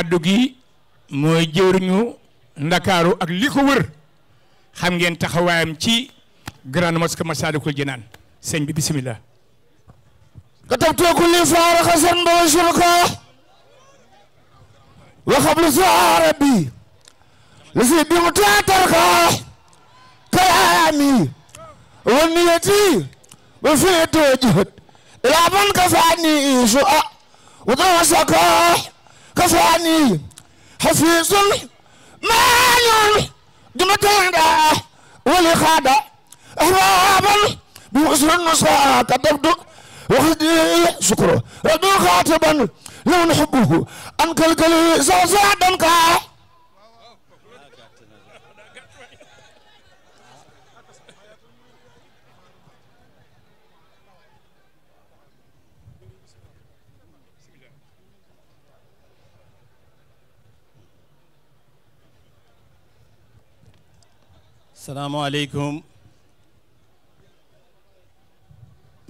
kàddu mooy jëwriñu ndakaaru ak li ko wër xam ngeen taxawaayam ci grande mosquée Massalikul Jinaan sëñ bi bismillah katabtu kulli faara xasan ba wa shirka wa xablu saara bi li si bi mu taatarka kalaami wa niyati ba fi toojuhut ilaa man kafaani isu a wa tawasaka كفواني حفيظ مانع جمتنا ولخادع أهوابا بوسر النصاء كتبت وخدي شكره ردو خاطبا لو نحبه أنكل كلي زازا دنكا salaamaaleykum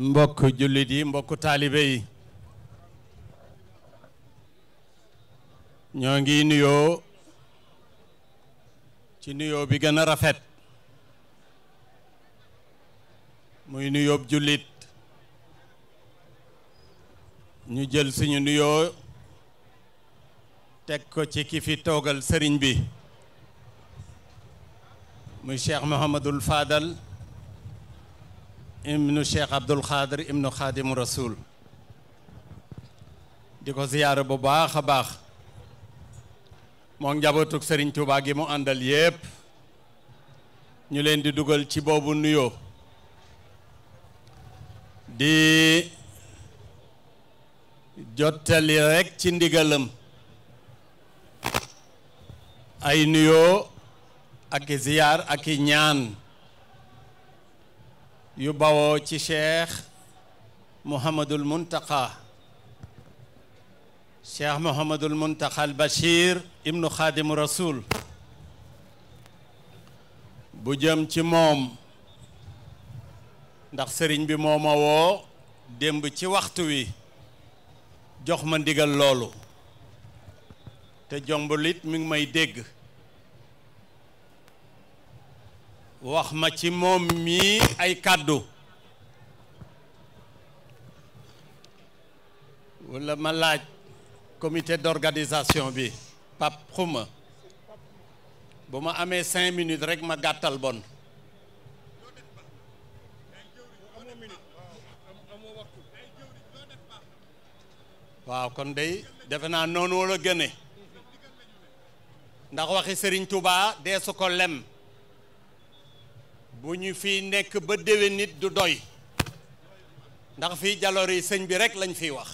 mbokk jullit yi mbokk taalibe yi ñoo ngi nuyoo ci nuyoo bi gën a rafet muy nuyoob jullit ñu jël suñu nuyoo teg ko ci ki fi toogal sëriñ bi muy cheikh Mouhamadul Fadal ibnu cheikh Abdul Xaadir ibnu Xaadimu Rasul di ko ziyaara bu baax a baax moo njabootug Serigne Touba gi mu àndal yépp ñu leen di dugal ci boobu nuyoo di jottali rekk ci ndigalam ay nuyoo ak i ziyaar ak ñaan yu bawoo ci cheikh Mouhamadul Muntaqa cheikh Mouhamadul Muntaqa al ibnu Xaadimu Rasul bu jëm ci moom ndax sëriñ bi moo ma woo démb ci waxtu wi jox ma ndigal loolu te jombulit mi ngi may dégg wax ma ci moom mii ay kàddu wala ma laaj comité d'organisation bi pap xuma bu ma amee cinq minutes rek ma gàttal bon waaw kon day defe naa noonu wala gëne ndax waxi sëriñ Touba dee su ko lem bu ñu fi nekk ba déwén nit du doy ndax fii jaloor yi sëñ bi rek lañ fiy wax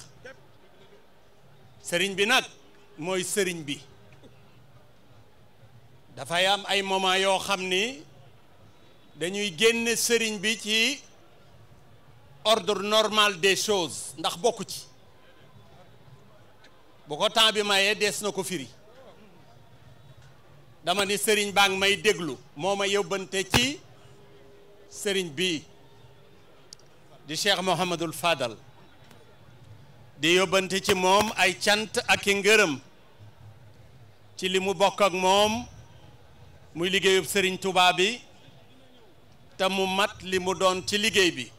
sëriñ bi nag mooy sëriñ bi dafay am ay moment yoo xam ni dañuy génn sëriñ bi ci ordre normal des choses ndax bokku ci bu ko temps bi mayee dees na ko firi dama ni sëriñ baa may déglu moo ma yóbbante ci sëriñ bi di cheikh mohamadul fadal di yóbbante ci moom ay cant ak i ngërëm ci li mu bokk ak moom muy liggéeyub sëriñ tubaab bi te mu mat li mu doon ci liggéey bi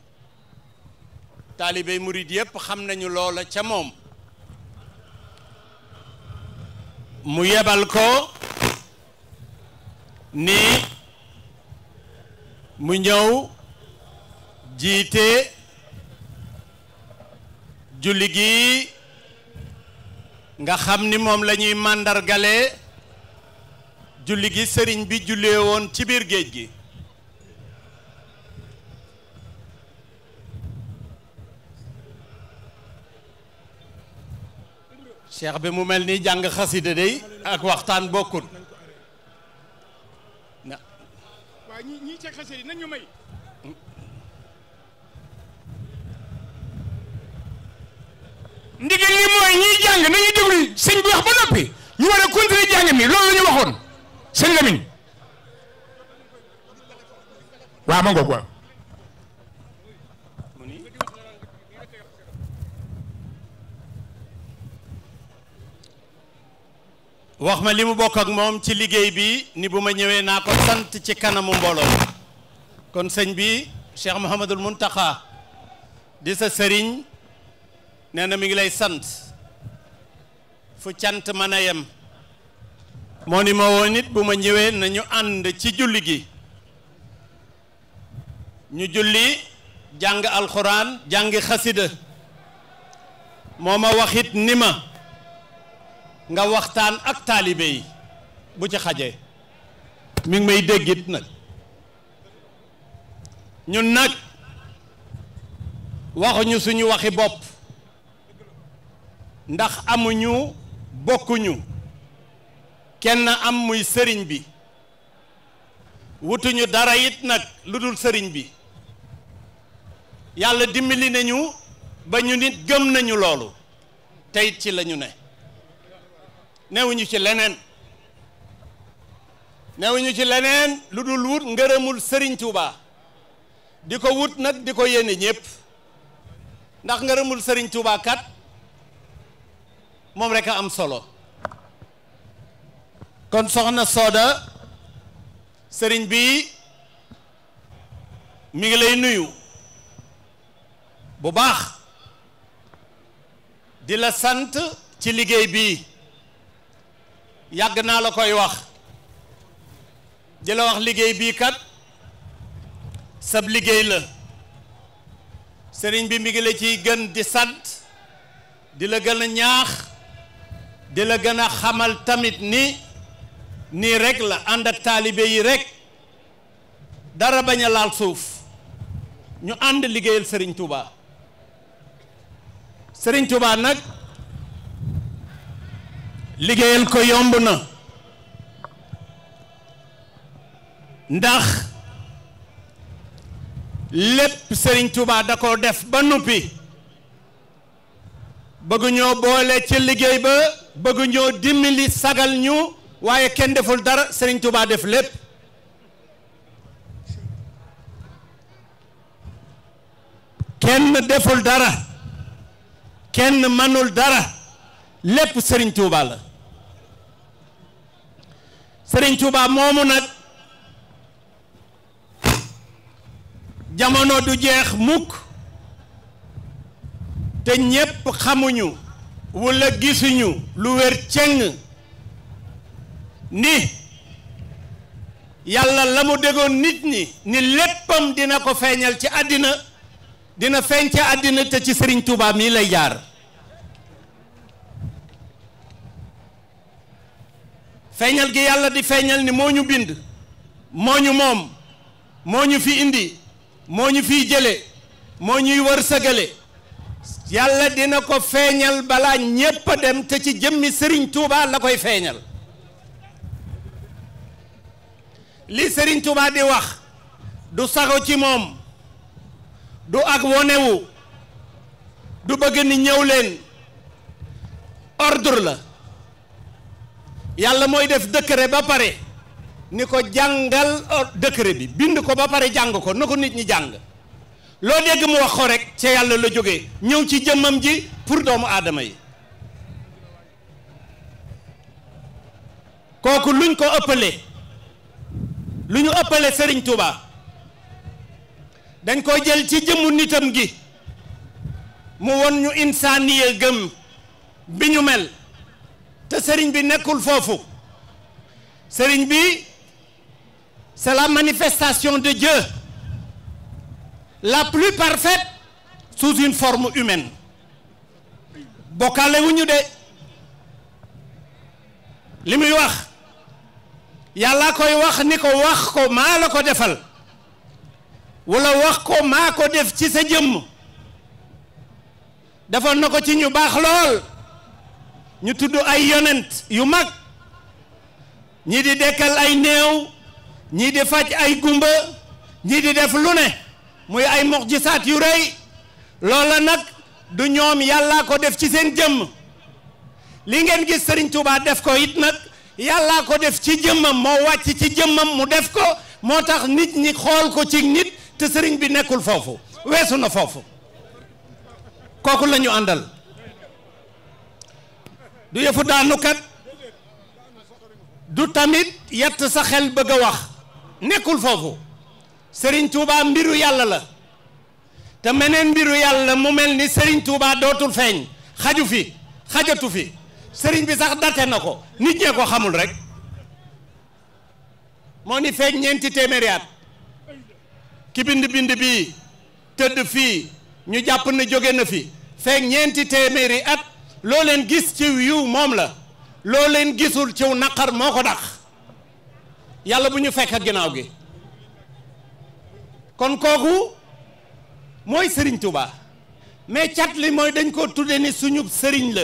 taalibey murid yépp xam nañu loola ca moom mu yebal ko ni mu ñëw jiite julli gi nga xam ni moom lañuy màndargale julli gi sëriñ bi jullee woon ci biir géej gi cheikh bi mu mel ni jàng xasida day ak waxtaan bokkut waaw ñi mooy ñiy jàng nañu déglu sëñ bi wax ba noppi ñu war a continuer jàng mi loolu la ñu waxoon sëñ Lamine waaw ma ngoog wax ma li mu bokk ak moom ci liggéey bi ni bu ma ñëwee naa ko sant ci kanamu mbooloo kon sëñ bi Cheikh Mouhamadul Mountakha di sa sëriñ nee na mi ngi lay sant fu cant mën yem moo ni ma woon bu ma ñëwee nañu ànd ci julli gi ñu julli jàng alxuraan jàng xasida moo ma waxit ni ma nga waxtaan ak taalibe yi bu ci xajee mi ngi may déggit nag ñun nag waxuñu suñu waxi bopp ndax amuñu bokkuñu kenn am muy sëriñ bi wutuñu dara it nag ludul sëriñ bi yàlla dimbili nañu ba ñu nit gëm nañu loolu tey ci lañu ne newuñu ci leneen newuñu ci leneen lu dul wut ngërëmul sëriñ Touba di ko wut nag di ko yéene ñëpp ndax ngërëmul sëriñ Touba kat moom rekk a am solo kon soxna Sooda sëriñ bi mu ngi lay nuyu bu baax di la sant ci liggéey bii yàgg naa la koy wax di la wax liggéey bii kat sab liggéey la sëriñ bi mi ngi la ciy gën di sant di la gën a ñaax di la gën a xamal tamit ni nii rekk la ànd ak taalibe yi rekk dara bañ a laal suuf ñu ànd liggéeyal sëriñ Touba sëriñ Touba nag liggéeyal ko yomb na ndax lépp Serigne Touba da ko def ba noppi bëgg ñoo boole ci liggéey ba bëgg ñoo dimbali sagal ñu waaye kenn deful dara Serigne Touba def lépp kenn deful dara kenn mënul dara lépp Serigne Touba la sëriñ Tuuba moomu nag jamono du jeex mukk te ñépp xamuñu walla gisuñu lu wér ceng ni yàlla la mu déggoon nit ñi ni léppam dina ko feeñal ci àddina dina feeñ ci àddina te ci sëriñ Tuuba mii lay jaar feeñal gi yàlla di feeñal ni moo ñu bind moo ñu moom moo ñu fi indi moo ñu fiy jële moo ñuy wër sëgale yàlla dina ko feeñal balaa ñépp dem te ci jëmmi Serigne Touba la koy feeñal li Serigne Touba di wax du saxo ci moom du ak wonewu du bëgg ni ñëw leen ordre la yàlla mooy def décret ba pare ni ko jàngal décret bi bind ko ba pare jàng ko na ko nit ñi jàng loo dégg mu wax ko rek ca yàlla la jóge ñëw ci jëmmam ji pour doomu aadama yi kooku luñ ko ëppale lu ñu ëppale Serigne Touba dañ ko jël ci jëmmu nitam gi mu won ñu insaaniye gëm bi ñu mel te sëriñ bi nekkul foofu sëriñ bi c'est la manifestation de Dieu la plus parfaite sous une forme humaine bokkaale wu ñu de li muy wax yàlla koy wax ni ko wax ko maa la ko defal wala wax ko maa ko def ci sa jëmm defal na ko ci ñu baax lool ñu tudd ay yonent yu mag ñii di dekkal ay néew ñii di faj ay gumba ñii di def lu ne muy ay muxjisaat yu rëy loola nag du ñoom yàllaa ko def ci seen jëmm li ngeen gis Serigne Touba def ko it nag yàllaa ko def ci jëmmam moo wàcc ci jëmmam mu def ko moo tax nit ñi xool ko ci nit te sëriñ bi nekkul foofu weesu na foofu kooku lañu àndal du yëfu daanukat du tamit yett sa xel bëgg a wax nekkul foofu Serigne Touba mbiru yàlla la te meneen mbiru yàlla mu mel ni Serigne Touba dootul feeñ xaju fi xajatu fi sëriñ bi sax date na ko nit ñee ko xamul rek moo ni feeñ ñeenti téeméeri at ki bind bind bii tëdd fii ñu jàpp ne jóge na fi feeñ ñeenti téeméeri at loo leen gis ci yiw moom la loo leen gisul ciw naqar moo ko dàq yàlla bu ñu fekk ginnaaw gi kon kooku mooy sëriñ Touba mais cat li mooy dañ ko tudde ni suñu sëriñ la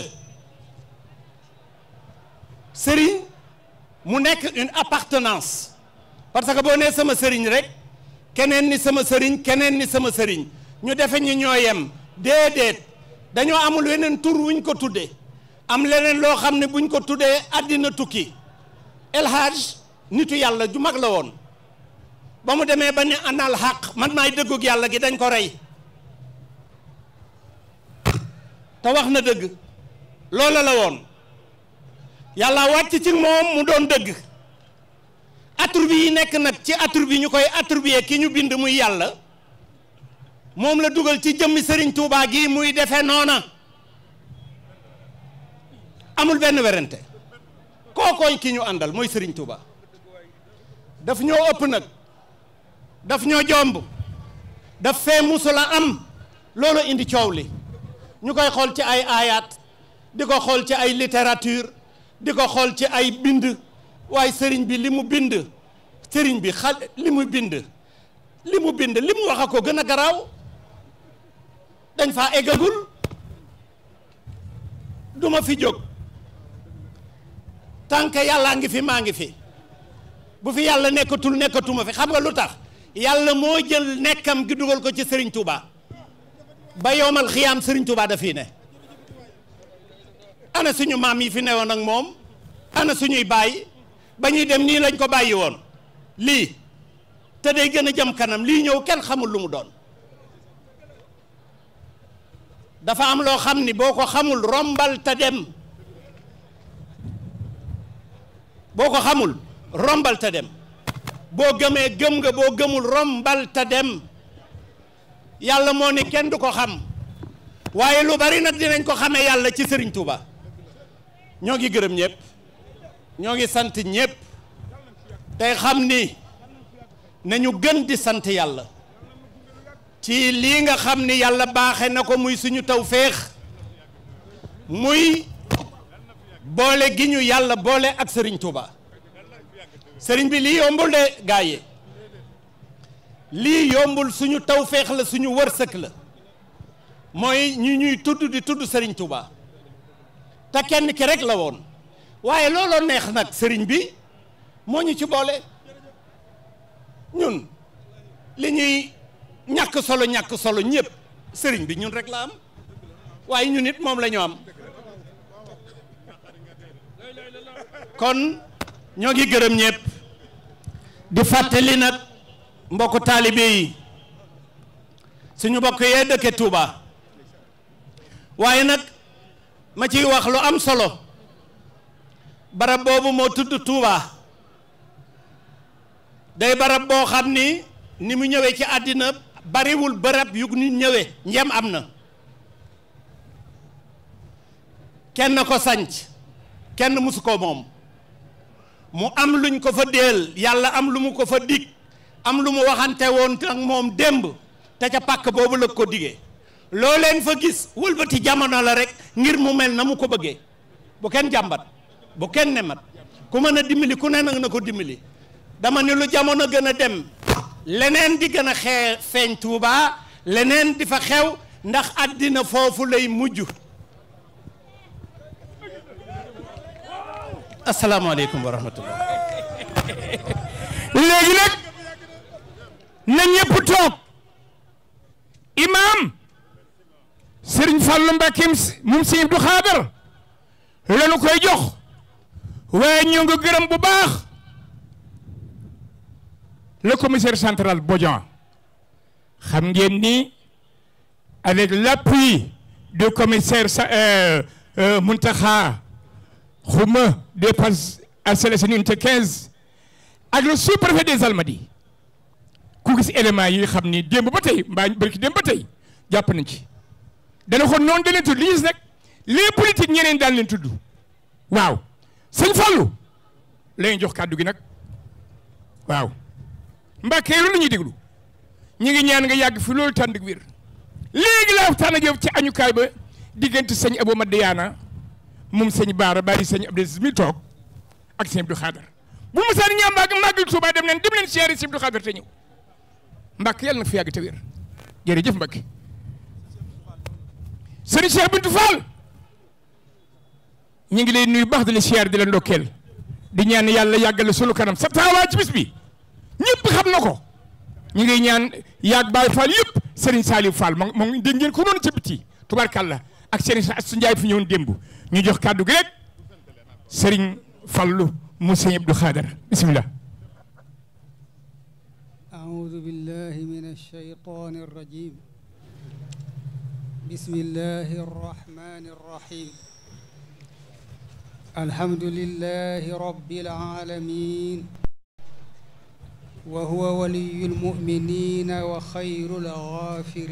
sëriñ mu nekk une appartenance parce que boo nee sama sëriñ rek keneen ni sama sëriñ keneen ni sama sëriñ ñu defe ñu ñoo yem déedéet dañoo amul weneen tur wuñ ko tuddee am leneen loo xam ne buñ ko tuddee àddina tukki El Hadj nitu yàlla ju mag la woon ba mu demee ba ne anal xaq man maay dëggug yàlla gi dañ ko rey te wax na dëgg loola la woon yàlla wàcc ci moom mu doon dëgg attribut yi nekk nag ci attribut ñu koy attribuer ki ñu bind muy yàlla moom la dugal ci jëmmi sëriñ Touba gii muy defe noona amul benn werante kookooy ki ñu àndal mooy sëriñ Touba daf ñoo ëpp nag daf ñoo jomb daf fee musula am loolu indi coow li ñu koy xool ci ay aayaat di ko xool ci ay littérature di ko xool ci ay bind waaye sëriñ bi li mu bind sëriñ bi xal bind li mu bind li mu wax a ko gën a garaaw dañ faa eggagul du ma fi jóg tànk yàllaa ngi fi maa ngi fi bu fi yàlla nekkatul nekkatuma fi xam nga lu tax yàlla moo jël nekkam gi dugal ko ci sëriñ Touba ba yowmal xiyaam Serigne Touba dafiy ne ana suñu maam yi fi newoon ak moom ana suñuy baay ba ñuy dem nii lañ ko bàyyi woon lii te day gën a jëm kanam lii ñëw kenn xamul lu mu doon dafa am loo xam ni boo ko xamul rombal te dem boo ko xamul rombal dem boo gëmee gëm nga boo gëmul rombal te dem yàlla moo ni kenn du ko xam waaye lu bari nag dinañ ko xamee yàlla ci Serigne Touba ñoo ngi gërëm ñëpp ñoo ngi sant ñëpp tey xam ni nañu gën di sant yàlla ci lii nga xam ni yàlla baaxe na ko muy suñu tawféex muy boole gi ñu yàlla boole ak sëriñ tubaa sëriñ bi lii yombul de gaa lii yombul suñu tawféex la suñu wërsëg la mooy ñu ñuy tudd di tudd sëriñ tubaa te kenn ki rek la woon waaye looloo neex nag sëriñ bi moo ñu ci boole ñun li ñuy ñàkk solo ñàkk solo ñëpp sëriñ bi ñun rek la am waaye ñun it moom lañu am kon ñoo ngi gërëm ñëpp di fàttali nag mbokku taalibe yi suñu mbokk yee dëkke Touba waaye nag ma ciy wax lu am solo barab boobu moo tudd Touba day barab boo xam ni ni mu ñëwee ci àddina bariwul bërëb yu ñu ñëwee njëm am na kenn ko sanc kenn musu ko moom mu am luñ ko fa déel yàlla am lu mu ko fa dig am lu mu waxante woon ak moom démb te ca pàkk boobu la ko diggee loo fa gis wëlbati jamono la rek ngir mu mel na mu ko bëggee bu kenn jàmbat bu kenn nemat ku mën a dimbali ku ne nag na ko dimbali dama ni lu jamono gën a dem leneen di gën a xee feeñ Touba leneen di fa xew ndax àddina foofu lay mujj asalaamaaleykum wa rahmatullah léegi nag na ñëpp toog imaam Serigne Fallou Mbacké moom Serigne Abdou Khadre la ñu koy jox waaye ñoo ngi gërëm bu baax le commissaire central Bodian xam ngeen ni avec l'appui du commissaire euh, euh, Muntaha Khouma des Parcelles Assainies unité 15 ak le sous-préfet des Almadies ku gis éléments yi xam ni démb ba tey mbaa bërki démb ba tey jàpp nañ ci dana ko noonu li gis nag les politiques ñeneen daan leen tudd waaw sëñ Fallou lañu jox kàddu gi nag waaw Mbàkke lu ñuy déglu ñu ngi ñaan nga yàgg fi loolu tànn wér léegi laa waxtaan ak yow ci añukaay ba diggante sëñ Abou Madiana moom sëñ Baara bari sëñ Abdou Aziz mi toog ak sëñ Abdou Xaadar bu Moussa di ñëw Mbàkke màggal Tuubaa dem leen dem leen siyaare sëñ Abdou Xaadar te ñëw Mbàkke yàlla na fi yàgg te wér jërëjëf Mbàkke sëñ Cheikh Bintou Fall ñu ngi leen nuyu baax di la siyaare di la ndokkeel di ñaan yàlla yàggale sunu kanam sa taxawaay ci bis bi. ñëpp xam na ko ñu ngi ñaan yaag Baye Fall yëpp Serigne Saliou Fall moom moom dégg ngeen ko noonu ci biti tubarkalla ak Serigne Assou Ndiaye fi ñëwoon démb ñu jox kàddu gi rek Serigne Fallou mu Serigne Abdou Khadar bisimilah. أعوذ بالله من الشيطان الرجيم بسم الله الرحمن الرحيم الحمد لله رب العالمين wa huwa waliyul muminina wa xayrul xaafirin